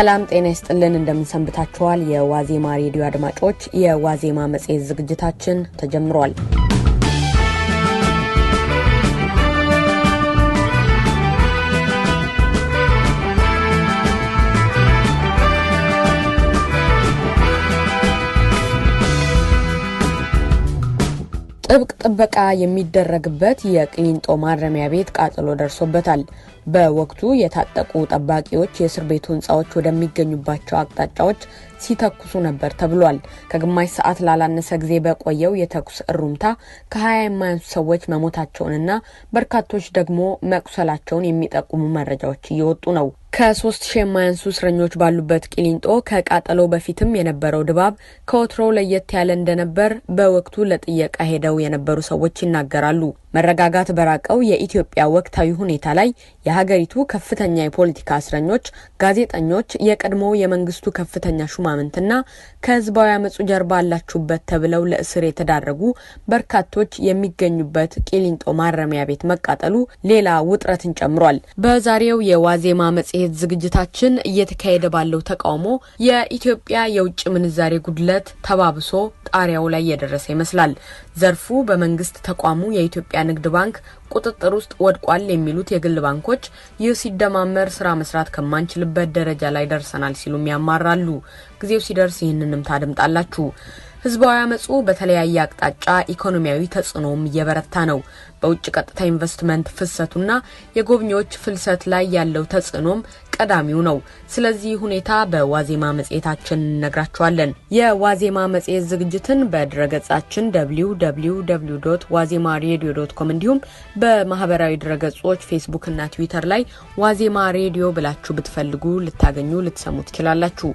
ሰላም ጤና ይስጥልን። እንደምንሰንብታችኋል? የዋዜማ ሬዲዮ አድማጮች፣ የዋዜማ መጽሔት ዝግጅታችን ተጀምሯል። ጥብቅ ጥበቃ የሚደረግበት የቅሊንጦ ማረሚያ ቤት ቃጠሎ ደርሶበታል። በወቅቱ የታጠቁ ጠባቂዎች የእስር ቤቱ ህንፃዎች ወደሚገኙባቸው አቅጣጫዎች ሲተኩሱ ነበር ተብሏል። ከግማሽ ሰዓት ላላነሰ ጊዜ በቆየው የተኩስ እሩምታ ከሀያ የማያንሱ ሰዎች መሞታቸውንና በርካቶች ደግሞ መቁሰላቸውን የሚጠቁሙ መረጃዎች እየወጡ ነው። ከሶስት ሺህ የማያንሱ እስረኞች ባሉበት ቂሊንጦ ከቃጠሎ በፊትም የነበረው ድባብ ከወትሮው ለየት ያለ እንደነበር በወቅቱ ለጥየቃ ሄደው የነበሩ ሰዎች ይናገራሉ። መረጋጋት በራቀው የኢትዮጵያ ወቅታዊ ሁኔታ ላይ የሀገሪቱ ከፍተኛ የፖለቲካ እስረኞች፣ ጋዜጠኞች፣ የቀድሞ የመንግስቱ ከፍተኛ ሹማምንትና ከህዝባዊ አመፁ ጀርባ አላችሁበት ተብለው ለእስር የተዳረጉ በርካቶች የሚገኙበት ቂሊንጦ ማረሚያ ቤት መቃጠሉ ሌላ ውጥረትን ጨምሯል። በዛሬው የዋዜማ መጽሔት ዝግጅታችን እየተካሄደ ባለው ተቃውሞ የኢትዮጵያ የውጭ ምንዛሬ ጉድለት ተባብሶ ጣሪያው ላይ የደረሰ ይመስላል። ዘርፉ በመንግስት ተቋሙ የኢትዮጵያ ንግድ ባንክ ቁጥጥር ውስጥ ወድቋል የሚሉት የግል ባንኮች ይህ ሲደማመር ስራ መስራት ከማንችልበት ደረጃ ላይ ደርሰናል ሲሉም ያማራሉ። ጊዜው ሲደርስ ይህንንም ታደምጣላችሁ። ህዝባዊ አመፁ በተለያየ አቅጣጫ ኢኮኖሚያዊ ተጽዕኖም እየበረታ ነው። በውጭ ቀጥታ ኢንቨስትመንት ፍሰቱና የጎብኚዎች ፍልሰት ላይ ያለው ተጽዕኖም ቀዳሚው ነው። ስለዚህ ሁኔታ በዋዜማ መጽሔታችን እነግራችኋለን። የዋዜማ መጽሔት ዝግጅትን በድረገጻችን ደብሊው ደብሊው ደብሊው ዶት ዋዜማ ሬዲዮ ዶት ኮም እንዲሁም በማህበራዊ ድረገጾች ፌስቡክ እና ትዊተር ላይ ዋዜማ ሬዲዮ ብላችሁ ብትፈልጉ ልታገኙ ልትሰሙ ትችላላችሁ።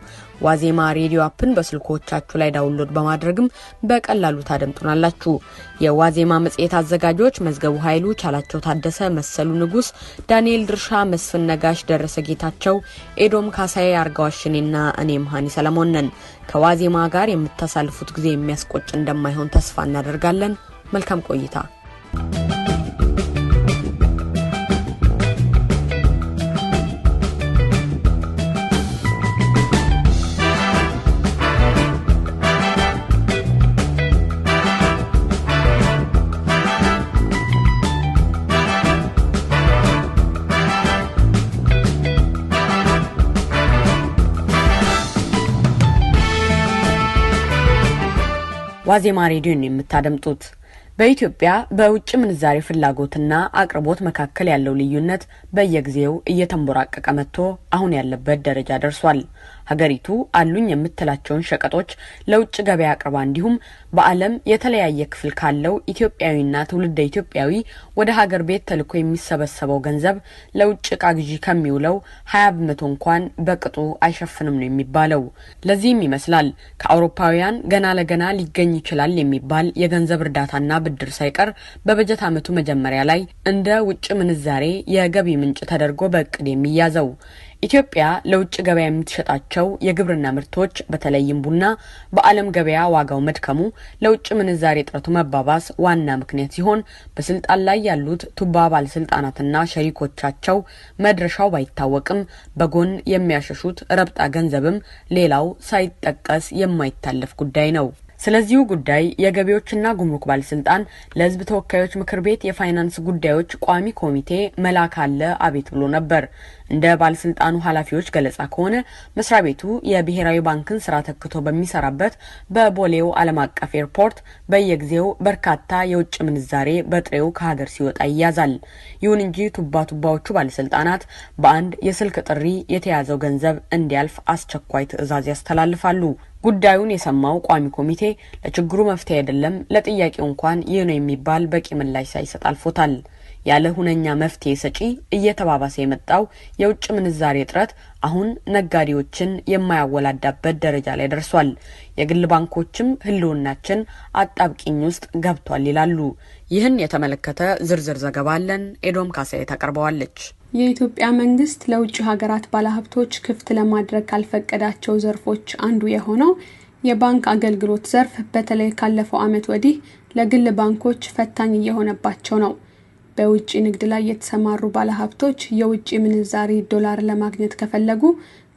ዋዜማ ሬዲዮ አፕን በስልኮቻችሁ ላይ ዳውንሎድ በማድረግም በቀላሉ ታደምጡናላችሁ። የዋዜማ መጽሔት አዘጋጆች መዝገቡ ኃይሉ፣ ቻላቸው ታደሰ፣ መሰሉ ንጉስ፣ ዳንኤል ድርሻ፣ መስፍን ነጋሽ፣ ደረሰ ጌታ ናቸው። ኤዶም ካሳዬ፣ አርጋዋሽኔና እኔም ሀኒ ሰለሞን ነን። ከዋዜማ ጋር የምታሳልፉት ጊዜ የሚያስቆጭ እንደማይሆን ተስፋ እናደርጋለን። መልካም ቆይታ ዋዜማ ሬዲዮን የምታደምጡት። በኢትዮጵያ በውጭ ምንዛሬ ፍላጎትና አቅርቦት መካከል ያለው ልዩነት በየጊዜው እየተንቦራቀቀ መጥቶ አሁን ያለበት ደረጃ ደርሷል። ሀገሪቱ አሉኝ የምትላቸውን ሸቀጦች ለውጭ ገበያ አቅርባ እንዲሁም በዓለም የተለያየ ክፍል ካለው ኢትዮጵያዊና ትውልደ ኢትዮጵያዊ ወደ ሀገር ቤት ተልኮ የሚሰበሰበው ገንዘብ ለውጭ እቃ ግዢ ከሚውለው ሀያ በመቶ እንኳን በቅጡ አይሸፍንም ነው የሚባለው። ለዚህም ይመስላል ከአውሮፓውያን ገና ለገና ሊገኝ ይችላል የሚባል የገንዘብ እርዳታና ብድር ሳይቀር በበጀት ዓመቱ መጀመሪያ ላይ እንደ ውጭ ምንዛሬ የገቢ ምንጭ ተደርጎ በእቅድ የሚያዘው። ኢትዮጵያ ለውጭ ገበያ የምትሸጣቸው የግብርና ምርቶች በተለይም ቡና በዓለም ገበያ ዋጋው መድከሙ ለውጭ ምንዛሬ እጥረቱ መባባስ ዋና ምክንያት ሲሆን በስልጣን ላይ ያሉት ቱባ ባለስልጣናትና ሸሪኮቻቸው መድረሻው ባይታወቅም በጎን የሚያሸሹት ረብጣ ገንዘብም ሌላው ሳይጠቀስ የማይታለፍ ጉዳይ ነው። ስለዚሁ ጉዳይ የገቢዎችና ጉምሩክ ባለስልጣን ለህዝብ ተወካዮች ምክር ቤት የፋይናንስ ጉዳዮች ቋሚ ኮሚቴ መላክ አለ አቤት ብሎ ነበር። እንደ ባለስልጣኑ ኃላፊዎች ገለጻ ከሆነ መስሪያ ቤቱ የብሔራዊ ባንክን ስራ ተክቶ በሚሰራበት በቦሌው ዓለም አቀፍ ኤርፖርት በየጊዜው በርካታ የውጭ ምንዛሬ በጥሬው ከሀገር ሲወጣ ይያዛል። ይሁን እንጂ ቱባ ቱባዎቹ ባለስልጣናት በአንድ የስልክ ጥሪ የተያዘው ገንዘብ እንዲያልፍ አስቸኳይ ትዕዛዝ ያስተላልፋሉ። ጉዳዩን የሰማው ቋሚ ኮሚቴ ለችግሩ መፍትሄ አይደለም፣ ለጥያቄው እንኳን ይህ ነው የሚባል በቂ ምላሽ ሳይሰጥ አልፎታል። ያለ ሁነኛ መፍትሄ ሰጪ እየተባባሰ የመጣው የውጭ ምንዛሬ እጥረት አሁን ነጋዴዎችን የማያወላዳበት ደረጃ ላይ ደርሷል። የግል ባንኮችም ሕልውናችን አጣብቂኝ ውስጥ ገብቷል ይላሉ። ይህን የተመለከተ ዝርዝር ዘገባ አለን። ኤዶም ካሳዬ ታቀርበዋለች። የኢትዮጵያ መንግስት ለውጭ ሀገራት ባለሀብቶች ክፍት ለማድረግ ካልፈቀዳቸው ዘርፎች አንዱ የሆነው የባንክ አገልግሎት ዘርፍ በተለይ ካለፈው ዓመት ወዲህ ለግል ባንኮች ፈታኝ እየሆነባቸው ነው። በውጭ ንግድ ላይ የተሰማሩ ባለሀብቶች የውጭ ምንዛሪ ዶላር ለማግኘት ከፈለጉ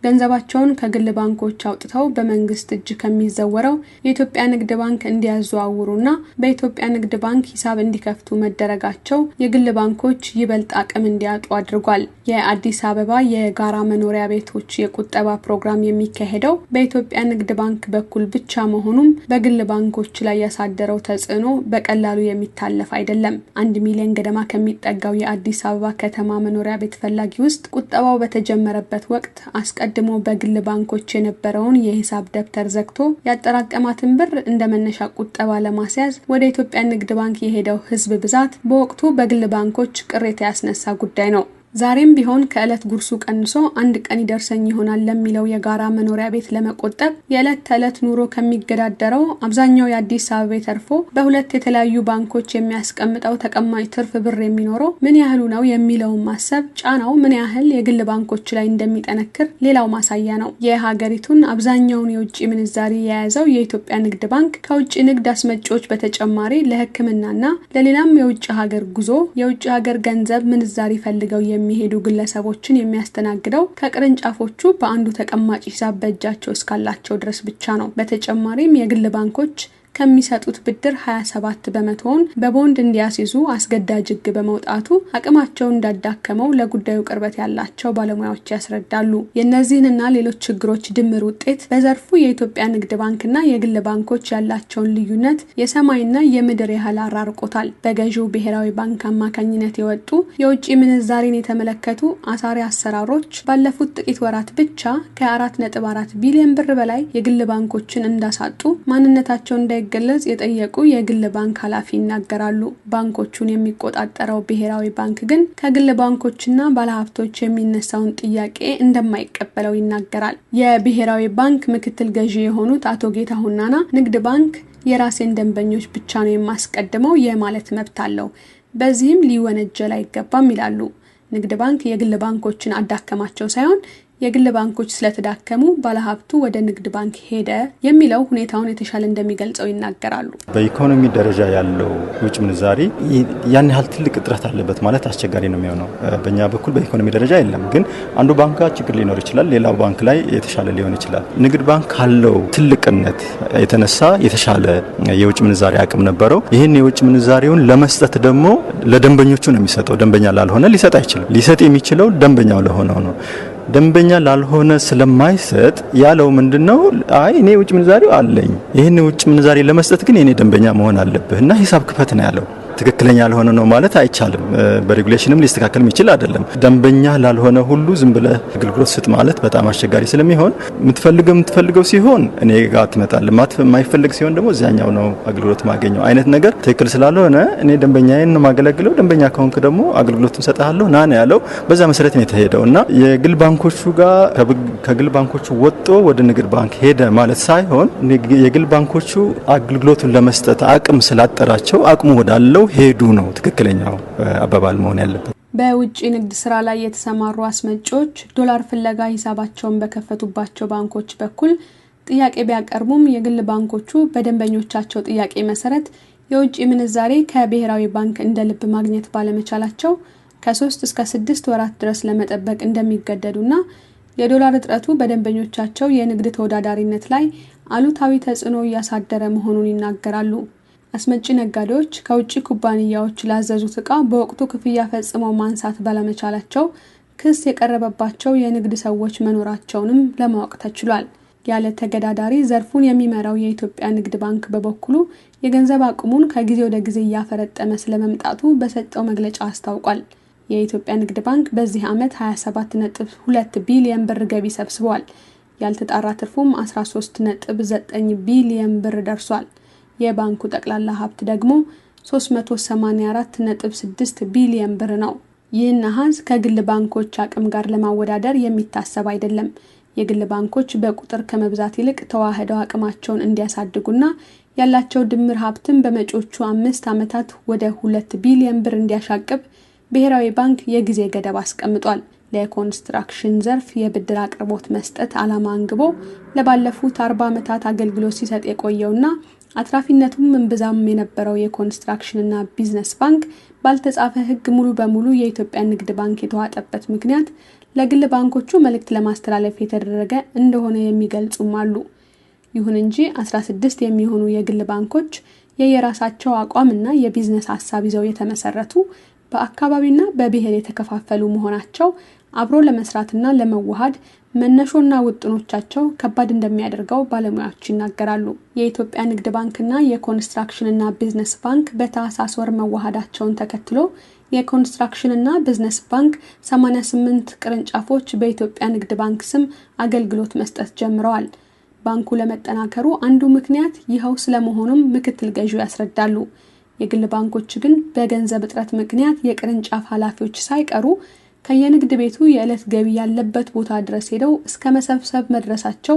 ገንዘባቸውን ከግል ባንኮች አውጥተው በመንግስት እጅ ከሚዘወረው የኢትዮጵያ ንግድ ባንክ እንዲያዘዋውሩና በኢትዮጵያ ንግድ ባንክ ሂሳብ እንዲከፍቱ መደረጋቸው የግል ባንኮች ይበልጥ አቅም እንዲያጡ አድርጓል። የአዲስ አበባ የጋራ መኖሪያ ቤቶች የቁጠባ ፕሮግራም የሚካሄደው በኢትዮጵያ ንግድ ባንክ በኩል ብቻ መሆኑም በግል ባንኮች ላይ ያሳደረው ተጽዕኖ በቀላሉ የሚታለፍ አይደለም። አንድ ሚሊዮን ገደማ ከሚጠጋው የአዲስ አበባ ከተማ መኖሪያ ቤት ፈላጊ ውስጥ ቁጠባው በተጀመረበት ወቅት አስቀ አስቀድሞ በግል ባንኮች የነበረውን የሂሳብ ደብተር ዘግቶ ያጠራቀማትን ብር እንደ መነሻ ቁጠባ ለማስያዝ ወደ ኢትዮጵያ ንግድ ባንክ የሄደው ህዝብ ብዛት በወቅቱ በግል ባንኮች ቅሬታ ያስነሳ ጉዳይ ነው። ዛሬም ቢሆን ከዕለት ጉርሱ ቀንሶ አንድ ቀን ይደርሰኝ ይሆናል ለሚለው የጋራ መኖሪያ ቤት ለመቆጠብ የዕለት ተዕለት ኑሮ ከሚገዳደረው አብዛኛው የአዲስ አበባ ተርፎ በሁለት የተለያዩ ባንኮች የሚያስቀምጠው ተቀማጭ ትርፍ ብር የሚኖረው ምን ያህሉ ነው የሚለውን ማሰብ ጫናው ምን ያህል የግል ባንኮች ላይ እንደሚጠነክር ሌላው ማሳያ ነው። የሀገሪቱን አብዛኛውን የውጭ ምንዛሪ የያዘው የኢትዮጵያ ንግድ ባንክ ከውጭ ንግድ አስመጪዎች በተጨማሪ ለሕክምናና ለሌላም የውጭ ሀገር ጉዞ የውጭ ሀገር ገንዘብ ምንዛሪ ፈልገው የሚ የሚሄዱ ግለሰቦችን የሚያስተናግደው ከቅርንጫፎቹ በአንዱ ተቀማጭ ሂሳብ በእጃቸው እስካላቸው ድረስ ብቻ ነው። በተጨማሪም የግል ባንኮች ከሚሰጡት ብድር 27 በመቶውን በቦንድ እንዲያስይዙ አስገዳጅ ህግ በመውጣቱ አቅማቸውን እንዳዳከመው ለጉዳዩ ቅርበት ያላቸው ባለሙያዎች ያስረዳሉ። የእነዚህንና ሌሎች ችግሮች ድምር ውጤት በዘርፉ የኢትዮጵያ ንግድ ባንክና የግል ባንኮች ያላቸውን ልዩነት የሰማይና የምድር ያህል አራርቆታል። በገዢው ብሔራዊ ባንክ አማካኝነት የወጡ የውጭ ምንዛሬን የተመለከቱ አሳሪ አሰራሮች ባለፉት ጥቂት ወራት ብቻ ከ4.4 ቢሊዮን ብር በላይ የግል ባንኮችን እንዳሳጡ ማንነታቸው እንዳይ እንደሚገለጽ የጠየቁ የግል ባንክ ኃላፊ ይናገራሉ። ባንኮቹን የሚቆጣጠረው ብሔራዊ ባንክ ግን ከግል ባንኮችና ባለሀብቶች የሚነሳውን ጥያቄ እንደማይቀበለው ይናገራል። የብሔራዊ ባንክ ምክትል ገዢ የሆኑት አቶ ጌታሁን ናና ንግድ ባንክ የራሴን ደንበኞች ብቻ ነው የማስቀድመው የማለት መብት አለው፣ በዚህም ሊወነጀል አይገባም ይላሉ። ንግድ ባንክ የግል ባንኮችን አዳከማቸው ሳይሆን የግል ባንኮች ስለተዳከሙ ባለሀብቱ ወደ ንግድ ባንክ ሄደ የሚለው ሁኔታውን የተሻለ እንደሚገልጸው ይናገራሉ። በኢኮኖሚ ደረጃ ያለው ውጭ ምንዛሪ ያን ያህል ትልቅ እጥረት አለበት ማለት አስቸጋሪ ነው የሚሆነው። በእኛ በኩል በኢኮኖሚ ደረጃ የለም፣ ግን አንዱ ባንክ ጋር ችግር ሊኖር ይችላል፣ ሌላው ባንክ ላይ የተሻለ ሊሆን ይችላል። ንግድ ባንክ ካለው ትልቅነት የተነሳ የተሻለ የውጭ ምንዛሪ አቅም ነበረው። ይህን የውጭ ምንዛሪውን ለመስጠት ደግሞ ለደንበኞቹ ነው የሚሰጠው። ደንበኛ ላልሆነ ሊሰጥ አይችልም። ሊሰጥ የሚችለው ደንበኛው ለሆነው ነው። ደንበኛ ላልሆነ ስለማይሰጥ ያለው ምንድን ነው? አይ እኔ ውጭ ምንዛሬው አለኝ፣ ይህን ውጭ ምንዛሬ ለመስጠት ግን የኔ ደንበኛ መሆን አለብህ እና ሂሳብ ክፈት ነው ያለው። ትክክለኛ ያልሆነ ነው ማለት አይቻልም። በሬጉሌሽንም ሊስተካከል የሚችል አይደለም። ደንበኛ ላልሆነ ሁሉ ዝም ብለ አገልግሎት ስጥ ማለት በጣም አስቸጋሪ ስለሚሆን የምትፈልገው የምትፈልገው ሲሆን እኔ ጋ ትመጣል፣ የማይፈልግ ሲሆን ደግሞ እዚያኛው ነው አገልግሎት ማገኘው አይነት ነገር ትክክል ስላልሆነ እኔ ደንበኛዬን ነው ማገለግለው፣ ደንበኛ ከሆንክ ደግሞ አገልግሎቱን ሰጠሃለሁ ና ነው ያለው። በዛ መሰረት ነው የተሄደው እና የግል ባንኮቹ ጋር ከግል ባንኮቹ ወጦ ወደ ንግድ ባንክ ሄደ ማለት ሳይሆን የግል ባንኮቹ አገልግሎቱን ለመስጠት አቅም ስላጠራቸው አቅሙ ወዳለው ሄዱ ነው ትክክለኛው አባባል መሆን ያለበት። በውጭ ንግድ ስራ ላይ የተሰማሩ አስመጪዎች ዶላር ፍለጋ ሂሳባቸውን በከፈቱባቸው ባንኮች በኩል ጥያቄ ቢያቀርቡም የግል ባንኮቹ በደንበኞቻቸው ጥያቄ መሰረት የውጭ ምንዛሬ ከብሔራዊ ባንክ እንደ ልብ ማግኘት ባለመቻላቸው ከሶስት እስከ ስድስት ወራት ድረስ ለመጠበቅ እንደሚገደዱና የዶላር እጥረቱ በደንበኞቻቸው የንግድ ተወዳዳሪነት ላይ አሉታዊ ተጽዕኖ እያሳደረ መሆኑን ይናገራሉ። አስመጪ ነጋዴዎች ከውጭ ኩባንያዎች ላዘዙት ዕቃ በወቅቱ ክፍያ ፈጽመው ማንሳት ባለመቻላቸው ክስ የቀረበባቸው የንግድ ሰዎች መኖራቸውንም ለማወቅ ተችሏል። ያለ ተገዳዳሪ ዘርፉን የሚመራው የኢትዮጵያ ንግድ ባንክ በበኩሉ የገንዘብ አቅሙን ከጊዜ ወደ ጊዜ እያፈረጠመ ስለመምጣቱ በሰጠው መግለጫ አስታውቋል። የኢትዮጵያ ንግድ ባንክ በዚህ ዓመት 27.2 ቢሊየን ብር ገቢ ሰብስቧል። ያልተጣራ ትርፉም 13.9 ቢሊየን ብር ደርሷል። የባንኩ ጠቅላላ ሀብት ደግሞ 384.6 ቢሊየን ብር ነው። ይህን አሃዝ ከግል ባንኮች አቅም ጋር ለማወዳደር የሚታሰብ አይደለም። የግል ባንኮች በቁጥር ከመብዛት ይልቅ ተዋህደው አቅማቸውን እንዲያሳድጉና ያላቸው ድምር ሀብትን በመጪዎቹ አምስት ዓመታት ወደ ሁለት ቢሊየን ብር እንዲያሻቅብ ብሔራዊ ባንክ የጊዜ ገደብ አስቀምጧል። ለኮንስትራክሽን ዘርፍ የብድር አቅርቦት መስጠት ዓላማ አንግቦ ለባለፉት አርባ ዓመታት አገልግሎት ሲሰጥ የቆየውና አትራፊነቱም እምብዛም የነበረው የኮንስትራክሽንና ቢዝነስ ባንክ ባልተጻፈ ሕግ ሙሉ በሙሉ የኢትዮጵያ ንግድ ባንክ የተዋጠበት ምክንያት ለግል ባንኮቹ መልእክት ለማስተላለፍ የተደረገ እንደሆነ የሚገልጹም አሉ። ይሁን እንጂ 16 የሚሆኑ የግል ባንኮች የየራሳቸው አቋምና የቢዝነስ ሀሳብ ይዘው የተመሰረቱ በአካባቢና በብሔር የተከፋፈሉ መሆናቸው አብሮ ለመስራትና ለመዋሃድ መነሾና ውጥኖቻቸው ከባድ እንደሚያደርገው ባለሙያዎች ይናገራሉ። የኢትዮጵያ ንግድ ባንክና የኮንስትራክሽንና ቢዝነስ ባንክ በታህሳስ ወር መዋሃዳቸውን ተከትሎ የኮንስትራክሽንና ቢዝነስ ባንክ 88 ቅርንጫፎች በኢትዮጵያ ንግድ ባንክ ስም አገልግሎት መስጠት ጀምረዋል። ባንኩ ለመጠናከሩ አንዱ ምክንያት ይኸው ስለመሆኑም ምክትል ገዢው ያስረዳሉ። የግል ባንኮች ግን በገንዘብ እጥረት ምክንያት የቅርንጫፍ ኃላፊዎች ሳይቀሩ ከየንግድ ቤቱ የዕለት ገቢ ያለበት ቦታ ድረስ ሄደው እስከ መሰብሰብ መድረሳቸው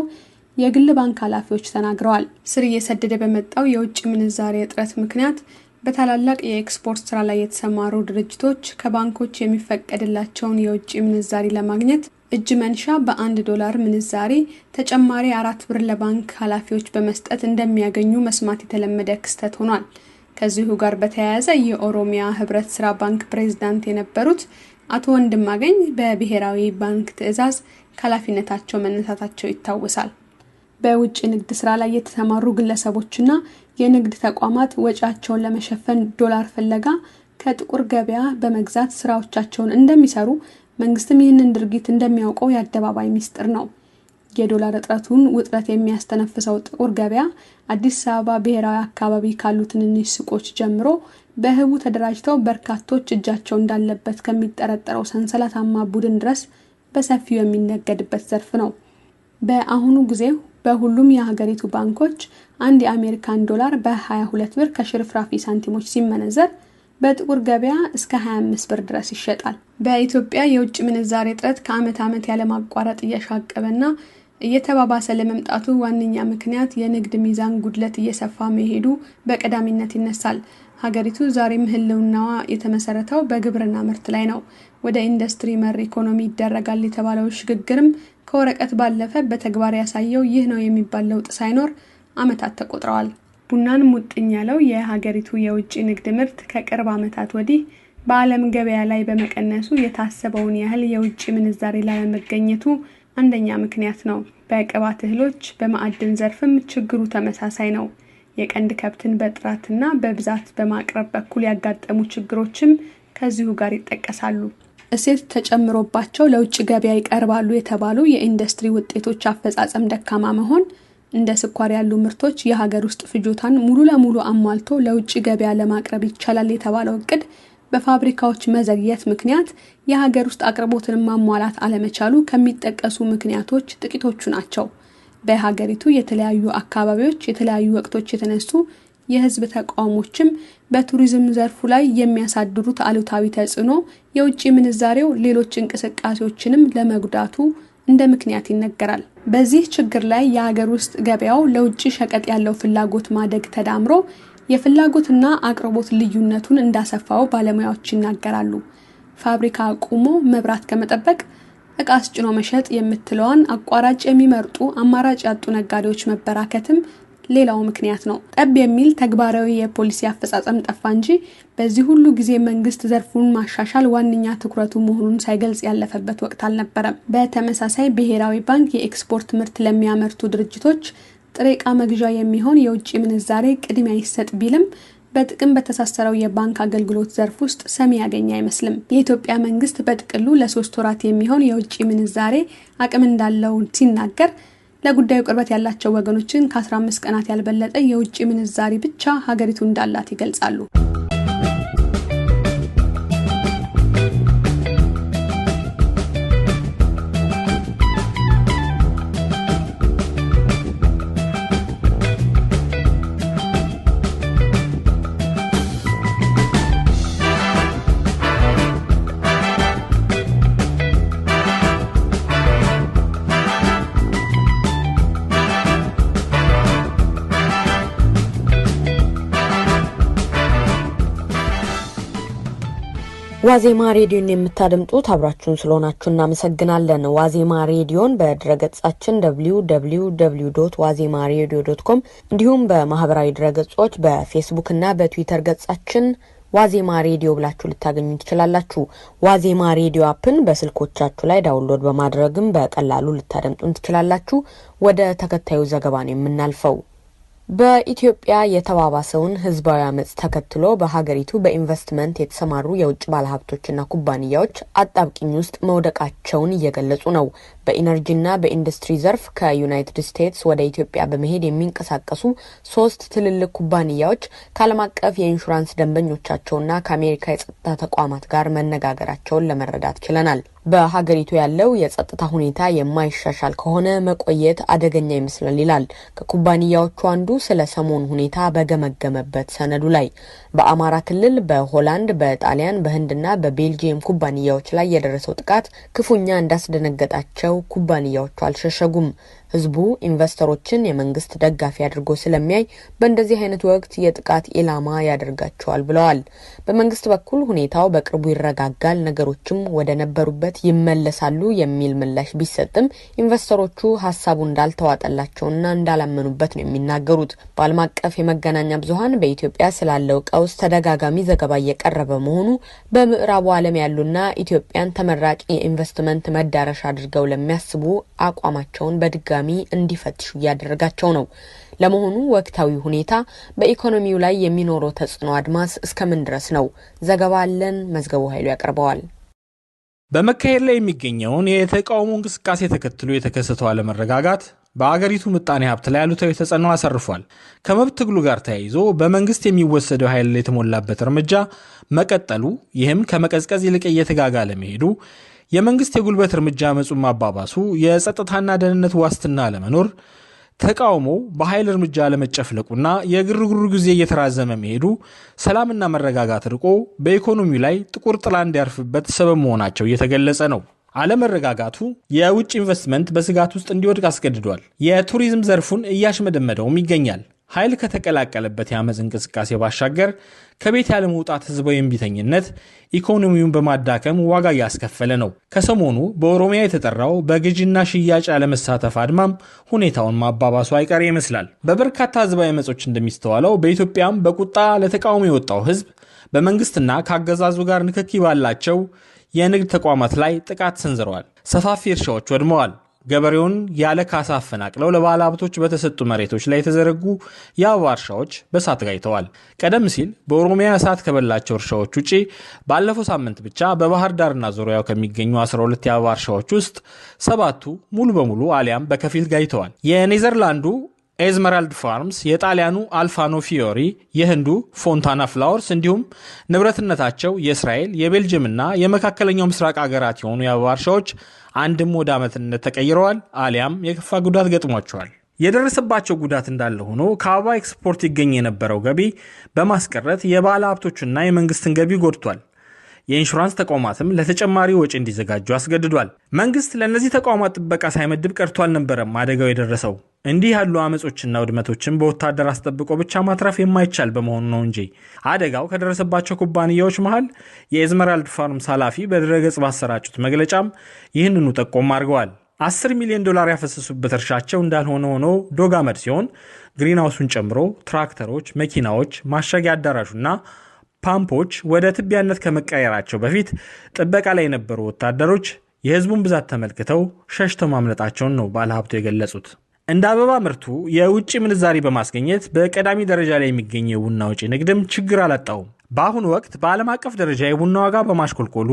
የግል ባንክ ኃላፊዎች ተናግረዋል። ስር እየሰደደ በመጣው የውጭ ምንዛሬ እጥረት ምክንያት በታላላቅ የኤክስፖርት ስራ ላይ የተሰማሩ ድርጅቶች ከባንኮች የሚፈቀድላቸውን የውጭ ምንዛሪ ለማግኘት እጅ መንሻ በአንድ ዶላር ምንዛሬ ተጨማሪ አራት ብር ለባንክ ኃላፊዎች በመስጠት እንደሚያገኙ መስማት የተለመደ ክስተት ሆኗል። ከዚሁ ጋር በተያያዘ የኦሮሚያ ህብረት ስራ ባንክ ፕሬዝዳንት የነበሩት አቶ ወንድማገኝ በብሔራዊ ባንክ ትዕዛዝ ከኃላፊነታቸው መነሳታቸው ይታወሳል። በውጭ ንግድ ስራ ላይ የተሰማሩ ግለሰቦችና የንግድ ተቋማት ወጪያቸውን ለመሸፈን ዶላር ፍለጋ ከጥቁር ገበያ በመግዛት ስራዎቻቸውን እንደሚሰሩ መንግስትም ይህንን ድርጊት እንደሚያውቀው የአደባባይ ሚስጥር ነው። የዶላር እጥረቱን ውጥረት የሚያስተነፍሰው ጥቁር ገበያ አዲስ አበባ ብሔራዊ አካባቢ ካሉ ትንንሽ ሱቆች ጀምሮ በህቡ ተደራጅተው በርካቶች እጃቸው እንዳለበት ከሚጠረጠረው ሰንሰለታማ ቡድን ድረስ በሰፊው የሚነገድበት ዘርፍ ነው። በአሁኑ ጊዜ በሁሉም የሀገሪቱ ባንኮች አንድ የአሜሪካን ዶላር በ22 ብር ከሽርፍራፊ ሳንቲሞች ሲመነዘር በጥቁር ገበያ እስከ 25 ብር ድረስ ይሸጣል። በኢትዮጵያ የውጭ ምንዛሬ እጥረት ከዓመት ዓመት ያለማቋረጥ እያሻቀበና እየተባባሰ ለመምጣቱ ዋነኛ ምክንያት የንግድ ሚዛን ጉድለት እየሰፋ መሄዱ በቀዳሚነት ይነሳል። ሀገሪቱ ዛሬም ህልውናዋ የተመሰረተው በግብርና ምርት ላይ ነው። ወደ ኢንዱስትሪ መር ኢኮኖሚ ይደረጋል የተባለው ሽግግርም ከወረቀት ባለፈ በተግባር ያሳየው ይህ ነው የሚባል ለውጥ ሳይኖር ዓመታት ተቆጥረዋል። ቡናን ሙጥኝ ያለው የሀገሪቱ የውጭ ንግድ ምርት ከቅርብ ዓመታት ወዲህ በዓለም ገበያ ላይ በመቀነሱ የታሰበውን ያህል የውጭ ምንዛሬ ላለመገኘቱ አንደኛ ምክንያት ነው። በቅባት እህሎች፣ በማዕድን ዘርፍም ችግሩ ተመሳሳይ ነው። የቀንድ ከብትን በጥራትና በብዛት በማቅረብ በኩል ያጋጠሙ ችግሮችም ከዚሁ ጋር ይጠቀሳሉ። እሴት ተጨምሮባቸው ለውጭ ገበያ ይቀርባሉ የተባሉ የኢንዱስትሪ ውጤቶች አፈጻጸም ደካማ መሆን እንደ ስኳር ያሉ ምርቶች የሀገር ውስጥ ፍጆታን ሙሉ ለሙሉ አሟልቶ ለውጭ ገበያ ለማቅረብ ይቻላል የተባለው እቅድ በፋብሪካዎች መዘግየት ምክንያት የሀገር ውስጥ አቅርቦትን ማሟላት አለመቻሉ ከሚጠቀሱ ምክንያቶች ጥቂቶቹ ናቸው። በሀገሪቱ የተለያዩ አካባቢዎች የተለያዩ ወቅቶች የተነሱ የህዝብ ተቃውሞችም በቱሪዝም ዘርፉ ላይ የሚያሳድሩት አሉታዊ ተጽዕኖ የውጭ ምንዛሬው ሌሎች እንቅስቃሴዎችንም ለመጉዳቱ እንደ ምክንያት ይነገራል። በዚህ ችግር ላይ የሀገር ውስጥ ገበያው ለውጭ ሸቀጥ ያለው ፍላጎት ማደግ ተዳምሮ የፍላጎትና አቅርቦት ልዩነቱን እንዳሰፋው ባለሙያዎች ይናገራሉ። ፋብሪካ ቁሞ መብራት ከመጠበቅ እቃ አስጭኖ መሸጥ የምትለዋን አቋራጭ የሚመርጡ አማራጭ ያጡ ነጋዴዎች መበራከትም ሌላው ምክንያት ነው። ጠብ የሚል ተግባራዊ የፖሊሲ አፈጻጸም ጠፋ እንጂ በዚህ ሁሉ ጊዜ መንግስት ዘርፉን ማሻሻል ዋነኛ ትኩረቱ መሆኑን ሳይገልጽ ያለፈበት ወቅት አልነበረም። በተመሳሳይ ብሔራዊ ባንክ የኤክስፖርት ምርት ለሚያመርቱ ድርጅቶች ጥሬ እቃ መግዣ የሚሆን የውጭ ምንዛሬ ቅድሚያ ይሰጥ ቢልም በጥቅም በተሳሰረው የባንክ አገልግሎት ዘርፍ ውስጥ ሰሚ ያገኘ አይመስልም። የኢትዮጵያ መንግስት በጥቅሉ ለሶስት ወራት የሚሆን የውጭ ምንዛሬ አቅም እንዳለው ሲናገር ለጉዳዩ ቅርበት ያላቸው ወገኖችን ከ15 ቀናት ያልበለጠ የውጭ ምንዛሪ ብቻ ሀገሪቱ እንዳላት ይገልጻሉ። ዋዜማ ሬዲዮን የምታደምጡት አብራችሁን ስለሆናችሁ እናመሰግናለን። ዋዜማ ሬዲዮን በድረገጻችን ደብሊው ደብሊው ደብሊው ዶት ዋዜማ ሬዲዮ ዶት ኮም እንዲሁም በማህበራዊ ድረገጾች በፌስቡክ እና በትዊተር ገጻችን ዋዜማ ሬዲዮ ብላችሁ ልታገኙ ትችላላችሁ። ዋዜማ ሬዲዮ አፕን በስልኮቻችሁ ላይ ዳውንሎድ በማድረግም በቀላሉ ልታደምጡን ትችላላችሁ። ወደ ተከታዩ ዘገባ ነው የምናልፈው። በኢትዮጵያ የተባባሰውን ህዝባዊ አመፅ ተከትሎ በሀገሪቱ በኢንቨስትመንት የተሰማሩ የውጭ ባለሀብቶችና ኩባንያዎች አጣብቂኝ ውስጥ መውደቃቸውን እየገለጹ ነው። በኢነርጂና በኢንዱስትሪ ዘርፍ ከዩናይትድ ስቴትስ ወደ ኢትዮጵያ በመሄድ የሚንቀሳቀሱ ሶስት ትልልቅ ኩባንያዎች ከዓለም አቀፍ የኢንሹራንስ ደንበኞቻቸውና ከአሜሪካ የጸጥታ ተቋማት ጋር መነጋገራቸውን ለመረዳት ችለናል። በሀገሪቱ ያለው የጸጥታ ሁኔታ የማይሻሻል ከሆነ መቆየት አደገኛ ይመስላል ይላል ከኩባንያዎቹ አንዱ ስለ ሰሞኑ ሁኔታ በገመገመበት ሰነዱ ላይ። በአማራ ክልል፣ በሆላንድ፣ በጣሊያን፣ በህንድና በቤልጅየም ኩባንያዎች ላይ የደረሰው ጥቃት ክፉኛ እንዳስደነገጣቸው ኩባንያዎቹ አልሸሸጉም። ህዝቡ ኢንቨስተሮችን የመንግስት ደጋፊ አድርጎ ስለሚያይ በእንደዚህ አይነት ወቅት የጥቃት ኢላማ ያደርጋቸዋል ብለዋል። በመንግስት በኩል ሁኔታው በቅርቡ ይረጋጋል፣ ነገሮችም ወደ ነበሩበት ይመለሳሉ የሚል ምላሽ ቢሰጥም ኢንቨስተሮቹ ሀሳቡ እንዳልተዋጠላቸውና እንዳላመኑበት ነው የሚናገሩት። በዓለም አቀፍ የመገናኛ ብዙሀን በኢትዮጵያ ስላለው ቀውስ ተደጋጋሚ ዘገባ እየቀረበ መሆኑ በምዕራቡ ዓለም ያሉና ኢትዮጵያን ተመራጭ የኢንቨስትመንት መዳረሻ አድርገው ለሚያስቡ አቋማቸውን በድጋሚ በድጋሚ እንዲፈትሹ እያደረጋቸው ነው። ለመሆኑ ወቅታዊ ሁኔታ በኢኮኖሚው ላይ የሚኖረው ተጽዕኖ አድማስ እስከምን ድረስ ነው? ዘገባ አለን። መዝገቡ ኃይሉ ያቀርበዋል። በመካሄድ ላይ የሚገኘውን የተቃውሞ እንቅስቃሴ ተከትሎ የተከሰተው አለመረጋጋት በአገሪቱ ምጣኔ ሀብት ላይ አሉታዊ ተጽዕኖ አሰርፏል። ከመብት ትግሉ ጋር ተያይዞ በመንግስት የሚወሰደው ኃይል የተሞላበት እርምጃ መቀጠሉ፣ ይህም ከመቀዝቀዝ ይልቅ እየተጋጋለ መሄዱ የመንግስት የጉልበት እርምጃ አመፁን ማባባሱ፣ የጸጥታና ደህንነት ዋስትና አለመኖር፣ ተቃውሞ በኃይል እርምጃ አለመጨፍለቁና የግርግሩ ጊዜ እየተራዘመ መሄዱ ሰላምና መረጋጋት ርቆ በኢኮኖሚው ላይ ጥቁር ጥላ እንዲያርፍበት ሰበብ መሆናቸው እየተገለጸ ነው። አለመረጋጋቱ የውጭ ኢንቨስትመንት በስጋት ውስጥ እንዲወድቅ አስገድዷል። የቱሪዝም ዘርፉን እያሽመደመደውም ይገኛል። ኃይል ከተቀላቀለበት የአመፅ እንቅስቃሴ ባሻገር ከቤት ያለመውጣት ህዝባዊ እምቢተኝነት ኢኮኖሚውን በማዳከም ዋጋ እያስከፈለ ነው። ከሰሞኑ በኦሮሚያ የተጠራው በግዥና ሽያጭ ያለመሳተፍ አድማም ሁኔታውን ማባባሱ አይቀር ይመስላል። በበርካታ ህዝባዊ አመፆች እንደሚስተዋለው በኢትዮጵያም በቁጣ ለተቃውሞ የወጣው ህዝብ በመንግስትና ከአገዛዙ ጋር ንክኪ ባላቸው የንግድ ተቋማት ላይ ጥቃት ሰንዝረዋል። ሰፋፊ እርሻዎች ወድመዋል። ገበሬውን ያለ ካሳ አፈናቅለው ለባለ ሀብቶች በተሰጡ መሬቶች ላይ የተዘረጉ የአበባ እርሻዎች በእሳት ጋይተዋል። ቀደም ሲል በኦሮሚያ እሳት ከበላቸው እርሻዎች ውጪ ባለፈው ሳምንት ብቻ በባህር ዳርና ዙሪያው ከሚገኙ 12 የአበባ እርሻዎች ውስጥ ሰባቱ ሙሉ በሙሉ አሊያም በከፊል ጋይተዋል። የኔዘርላንዱ ኤዝመራልድ ፋርምስ፣ የጣሊያኑ አልፋኖ ፊዮሪ፣ የህንዱ ፎንታና ፍላወርስ እንዲሁም ንብረትነታቸው የእስራኤል የቤልጅየምና የመካከለኛው ምስራቅ አገራት የሆኑ የአበባ እርሻዎች አንድም ወደ ዓመትነት ተቀይረዋል አሊያም የከፋ ጉዳት ገጥሟቸዋል። የደረሰባቸው ጉዳት እንዳለ ሆኖ ከአበባ ኤክስፖርት ይገኝ የነበረው ገቢ በማስቀረት የባለ ሀብቶችና የመንግስትን ገቢ ጎድቷል። የኢንሹራንስ ተቋማትም ለተጨማሪ ወጪ እንዲዘጋጁ አስገድዷል። መንግስት ለእነዚህ ተቋማት ጥበቃ ሳይመድብ ቀርቶ አልነበረም አደጋው የደረሰው እንዲህ ያሉ አመጾችና ውድመቶችን በወታደር አስጠብቆ ብቻ ማትረፍ የማይቻል በመሆኑ ነው እንጂ። አደጋው ከደረሰባቸው ኩባንያዎች መሃል የኤዝመራልድ ፋርምስ ኃላፊ በድረገጽ ባሰራጩት መግለጫም ይህንኑ ጠቆም አድርገዋል። 10 ሚሊዮን ዶላር ያፈሰሱበት እርሻቸው እንዳልሆነ ሆኖ ዶግ አመድ ሲሆን ግሪንሃውሱን ጨምሮ ትራክተሮች፣ መኪናዎች፣ ማሸጊያ አዳራሹና ፓምፖች ወደ ትቢያነት ከመቀየራቸው በፊት ጥበቃ ላይ የነበሩ ወታደሮች የህዝቡን ብዛት ተመልክተው ሸሽተው ማምለጣቸውን ነው ባለሀብቱ የገለጹት። እንደ አበባ ምርቱ የውጭ ምንዛሪ በማስገኘት በቀዳሚ ደረጃ ላይ የሚገኝ የቡና ውጪ ንግድም ችግር አላጣውም። በአሁኑ ወቅት በዓለም አቀፍ ደረጃ የቡና ዋጋ በማሽቆልቆሉ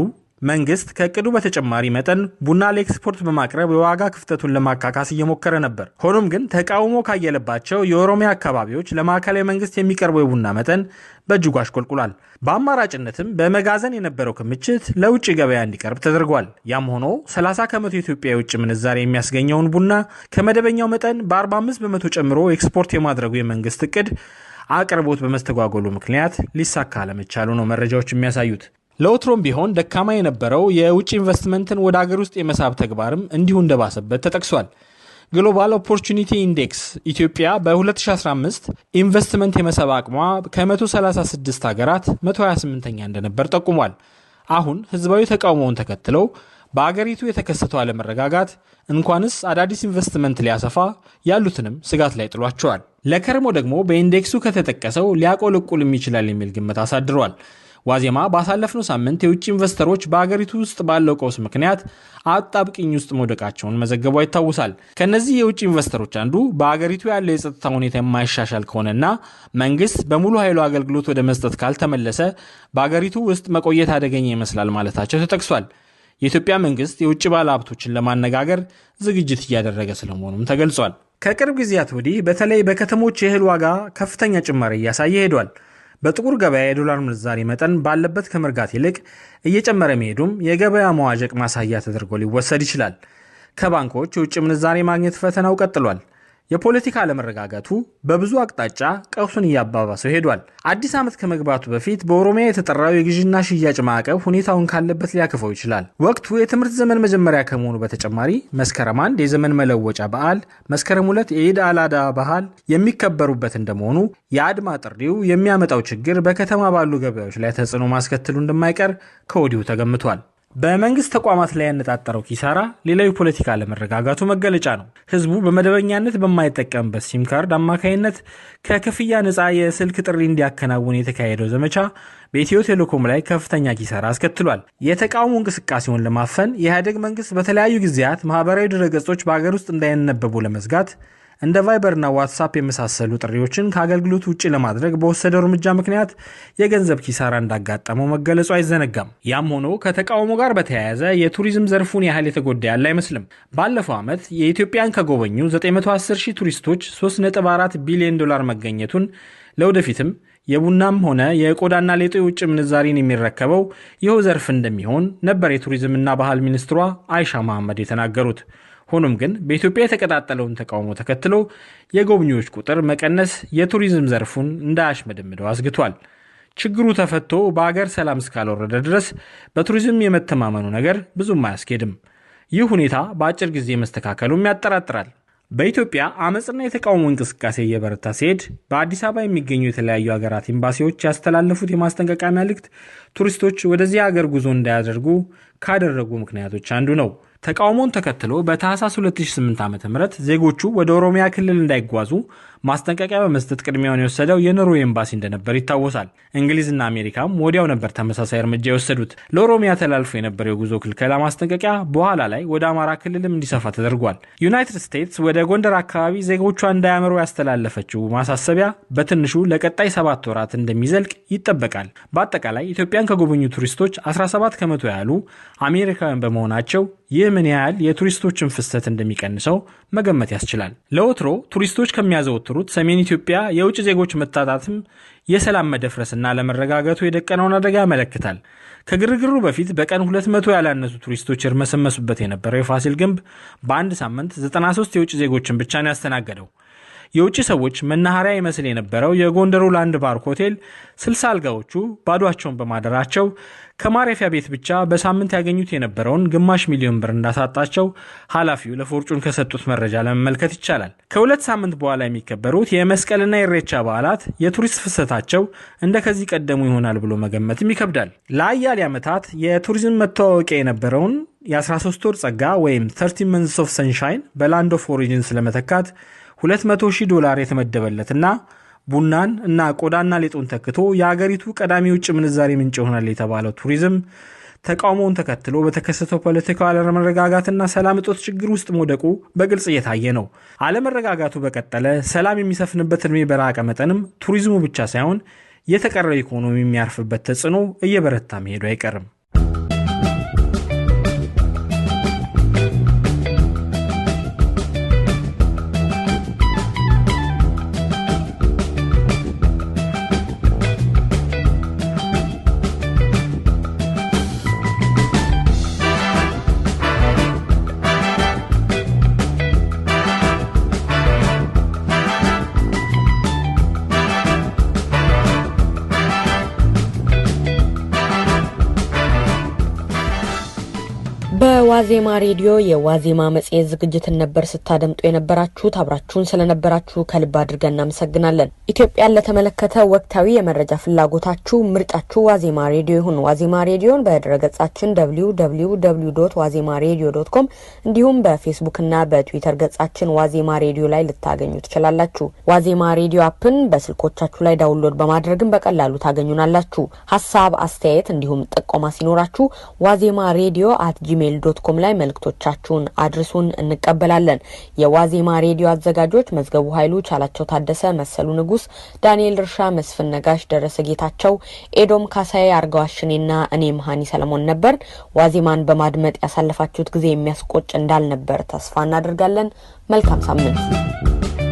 መንግስት ከእቅዱ በተጨማሪ መጠን ቡና ለኤክስፖርት በማቅረብ የዋጋ ክፍተቱን ለማካካስ እየሞከረ ነበር። ሆኖም ግን ተቃውሞ ካየለባቸው የኦሮሚያ አካባቢዎች ለማዕከላዊ መንግስት የሚቀርበው የቡና መጠን በእጅጉ አሽቆልቁሏል። በአማራጭነትም በመጋዘን የነበረው ክምችት ለውጭ ገበያ እንዲቀርብ ተደርጓል። ያም ሆኖ 30 ከመቶ ኢትዮጵያ የውጭ ምንዛሬ የሚያስገኘውን ቡና ከመደበኛው መጠን በ45 በመቶ ጨምሮ ኤክስፖርት የማድረጉ የመንግስት እቅድ አቅርቦት በመስተጓጎሉ ምክንያት ሊሳካ አለመቻሉ ነው መረጃዎች የሚያሳዩት። ለወትሮም ቢሆን ደካማ የነበረው የውጭ ኢንቨስትመንትን ወደ አገር ውስጥ የመሳብ ተግባርም እንዲሁ እንደባሰበት ተጠቅሷል። ግሎባል ኦፖርቹኒቲ ኢንዴክስ ኢትዮጵያ በ2015 ኢንቨስትመንት የመሳብ አቅሟ ከ136 ሀገራት 128ኛ እንደነበር ጠቁሟል። አሁን ህዝባዊ ተቃውሞውን ተከትለው በአገሪቱ የተከሰተው አለመረጋጋት እንኳንስ አዳዲስ ኢንቨስትመንት ሊያሰፋ ያሉትንም ስጋት ላይ ጥሏቸዋል። ለከርሞ ደግሞ በኢንዴክሱ ከተጠቀሰው ሊያቆለቁልም ይችላል የሚል ግምት አሳድሯል። ዋዜማ ባሳለፍነው ሳምንት የውጭ ኢንቨስተሮች በአገሪቱ ውስጥ ባለው ቀውስ ምክንያት አጣብቅኝ ውስጥ መውደቃቸውን መዘገቧ ይታወሳል። ከእነዚህ የውጭ ኢንቨስተሮች አንዱ በአገሪቱ ያለው የጸጥታ ሁኔታ የማይሻሻል ከሆነና መንግስት በሙሉ ኃይሉ አገልግሎት ወደ መስጠት ካልተመለሰ በአገሪቱ ውስጥ መቆየት አደገኛ ይመስላል ማለታቸው ተጠቅሷል። የኢትዮጵያ መንግስት የውጭ ባለ ሀብቶችን ለማነጋገር ዝግጅት እያደረገ ስለመሆኑም ተገልጿል። ከቅርብ ጊዜያት ወዲህ በተለይ በከተሞች የእህል ዋጋ ከፍተኛ ጭማሪ እያሳየ ሄዷል። በጥቁር ገበያ የዶላር ምንዛሬ መጠን ባለበት ከመርጋት ይልቅ እየጨመረ መሄዱም የገበያ መዋዠቅ ማሳያ ተደርጎ ሊወሰድ ይችላል። ከባንኮች የውጭ ምንዛሬ ማግኘት ፈተናው ቀጥሏል። የፖለቲካ አለመረጋጋቱ በብዙ አቅጣጫ ቀውሱን እያባባሰው ሄዷል። አዲስ ዓመት ከመግባቱ በፊት በኦሮሚያ የተጠራው የግዥና ሽያጭ ማዕቀብ ሁኔታውን ካለበት ሊያክፈው ይችላል። ወቅቱ የትምህርት ዘመን መጀመሪያ ከመሆኑ በተጨማሪ መስከረም አንድ የዘመን መለወጫ በዓል፣ መስከረም ሁለት የኢድ አላዳ ባህል የሚከበሩበት እንደመሆኑ የአድማ ጥሪው የሚያመጣው ችግር በከተማ ባሉ ገበያዎች ላይ ተጽዕኖ ማስከተሉ እንደማይቀር ከወዲሁ ተገምቷል። በመንግስት ተቋማት ላይ ያነጣጠረው ኪሳራ ሌላው የፖለቲካ አለመረጋጋቱ መገለጫ ነው። ህዝቡ በመደበኛነት በማይጠቀምበት ሲም ካርድ አማካይነት ከክፍያ ነፃ የስልክ ጥሪ እንዲያከናውን የተካሄደው ዘመቻ በኢትዮ ቴሌኮም ላይ ከፍተኛ ኪሳራ አስከትሏል። የተቃውሞ እንቅስቃሴውን ለማፈን የኢህአዴግ መንግስት በተለያዩ ጊዜያት ማህበራዊ ድረገጾች በሀገር ውስጥ እንዳይነበቡ ለመዝጋት እንደ ቫይበርና ዋትሳፕ የመሳሰሉ ጥሪዎችን ከአገልግሎት ውጭ ለማድረግ በወሰደው እርምጃ ምክንያት የገንዘብ ኪሳራ እንዳጋጠመው መገለጹ አይዘነጋም። ያም ሆኖ ከተቃውሞ ጋር በተያያዘ የቱሪዝም ዘርፉን ያህል የተጎዳ ያለ አይመስልም። ባለፈው ዓመት የኢትዮጵያን ከጎበኙ 910 ሺህ ቱሪስቶች 3.4 ቢሊዮን ዶላር መገኘቱን ለወደፊትም የቡናም ሆነ የቆዳና ሌጦ የውጭ ምንዛሪን የሚረከበው ይኸው ዘርፍ እንደሚሆን ነበር የቱሪዝምና ባህል ሚኒስትሯ አይሻ መሐመድ የተናገሩት። ሆኖም ግን በኢትዮጵያ የተቀጣጠለውን ተቃውሞ ተከትሎ የጎብኚዎች ቁጥር መቀነስ የቱሪዝም ዘርፉን እንዳያሽመደምደው አስግቷል። ችግሩ ተፈቶ በአገር ሰላም እስካልወረደ ድረስ በቱሪዝም የመተማመኑ ነገር ብዙም አያስኬድም። ይህ ሁኔታ በአጭር ጊዜ መስተካከሉም ያጠራጥራል። በኢትዮጵያ አመፅና የተቃውሞ እንቅስቃሴ እየበረታ ሲሄድ በአዲስ አበባ የሚገኙ የተለያዩ ሀገራት ኤምባሲዎች ያስተላለፉት የማስጠንቀቂያ መልእክት ቱሪስቶች ወደዚህ ሀገር ጉዞ እንዳያደርጉ ካደረጉ ምክንያቶች አንዱ ነው። ተቃውሞን ተከትሎ በታህሳስ 2008 ዓ.ም ዜጎቹ ወደ ኦሮሚያ ክልል እንዳይጓዙ ማስጠንቀቂያ በመስጠት ቅድሚያውን የወሰደው የኖርዌይ ኤምባሲ እንደነበር ይታወሳል። እንግሊዝና አሜሪካም ወዲያው ነበር ተመሳሳይ እርምጃ የወሰዱት። ለኦሮሚያ ተላልፎ የነበረው የጉዞ ክልከላ ማስጠንቀቂያ በኋላ ላይ ወደ አማራ ክልልም እንዲሰፋ ተደርጓል። ዩናይትድ ስቴትስ ወደ ጎንደር አካባቢ ዜጎቿ እንዳያመሩ ያስተላለፈችው ማሳሰቢያ በትንሹ ለቀጣይ ሰባት ወራት እንደሚዘልቅ ይጠበቃል። በአጠቃላይ ኢትዮጵያን ከጎበኙ ቱሪስቶች 17 ከመቶ ያሉ አሜሪካውያን በመሆናቸው ይህ ምን ያህል የቱሪስቶችን ፍሰት እንደሚቀንሰው መገመት ያስችላል። ለወትሮ ቱሪስቶች ከሚያዘወት የሚተረትሩት ሰሜን ኢትዮጵያ የውጭ ዜጎች መታጣትም የሰላም መደፍረስና ለመረጋጋቱ የደቀነውን አደጋ ያመለክታል። ከግርግሩ በፊት በቀን 200 ያላነሱ ቱሪስቶች እርመሰመሱበት የነበረው የፋሲል ግንብ በአንድ ሳምንት 93 የውጭ ዜጎችን ብቻ ነው ያስተናገደው። የውጭ ሰዎች መናኸሪያ ይመስል የነበረው የጎንደሩ ላንድ ባርክ ሆቴል 60 አልጋዎቹ ባዷቸውን በማደራቸው ከማረፊያ ቤት ብቻ በሳምንት ያገኙት የነበረውን ግማሽ ሚሊዮን ብር እንዳሳጣቸው ኃላፊው ለፎርጩን ከሰጡት መረጃ ለመመልከት ይቻላል። ከሁለት ሳምንት በኋላ የሚከበሩት የመስቀልና የኢሬቻ በዓላት የቱሪስት ፍሰታቸው እንደ ከዚህ ቀደሙ ይሆናል ብሎ መገመትም ይከብዳል። ለአያሌ ዓመታት የቱሪዝም መተዋወቂያ የነበረውን የ13 ወር ጸጋ ወይም 30 መንስ ኦፍ ሰንሻይን በላንድ ኦፍ ኦሪጂንስ ለመተካት 200 ሺህ ዶላር የተመደበለትና ቡናን እና ቆዳና ሌጦን ተክቶ የአገሪቱ ቀዳሚ ውጭ ምንዛሬ ምንጭ ይሆናል የተባለው ቱሪዝም ተቃውሞውን ተከትሎ በተከሰተው ፖለቲካዊ አለመረጋጋትና ሰላም እጦት ችግር ውስጥ መውደቁ በግልጽ እየታየ ነው። አለመረጋጋቱ በቀጠለ ሰላም የሚሰፍንበት እድሜ በራቀ መጠንም ቱሪዝሙ ብቻ ሳይሆን የተቀረው ኢኮኖሚ የሚያርፍበት ተጽዕኖ እየበረታ መሄዱ አይቀርም። ዋዜማ ሬዲዮ የዋዜማ መጽሔት ዝግጅትን ነበር ስታደምጡ የነበራችሁት። አብራችሁን ስለነበራችሁ ከልብ አድርገን እናመሰግናለን። ኢትዮጵያን ለተመለከተ ወቅታዊ የመረጃ ፍላጎታችሁ ምርጫችሁ ዋዜማ ሬዲዮ ይሁን። ዋዜማ ሬዲዮን በድረገጻችን ደብሊው ደብሊው ደብሊው ዶት ዋዜማ ሬዲዮ ዶት ኮም እንዲሁም በፌስቡክና በትዊተር ገጻችን ዋዜማ ሬዲዮ ላይ ልታገኙ ትችላላችሁ። ዋዜማ ሬዲዮ አፕን በስልኮቻችሁ ላይ ዳውንሎድ በማድረግም በቀላሉ ታገኙናላችሁ። ሀሳብ አስተያየት፣ እንዲሁም ጥቆማ ሲኖራችሁ ዋዜማ ሬዲዮ አት ጂሜይል ዶት ኮም ፌስቡክም ላይ መልእክቶቻችሁን አድርሱን እንቀበላለን። የዋዜማ ሬዲዮ አዘጋጆች መዝገቡ ኃይሉ፣ ቻላቸው ታደሰ፣ መሰሉ ንጉስ፣ ዳንኤል ድርሻ፣ መስፍን ነጋሽ፣ ደረሰ ጌታቸው፣ ኤዶም ካሳዬ፣ አርጋዋሽኔና እኔ መሀኒ ሰለሞን ነበር። ዋዜማን በማድመጥ ያሳለፋችሁት ጊዜ የሚያስቆጭ እንዳልነበር ተስፋ እናደርጋለን። መልካም ሳምንት።